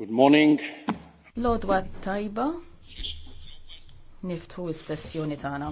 Good morning. Lodwa tajba. Niftu s-sessjoni tagħna.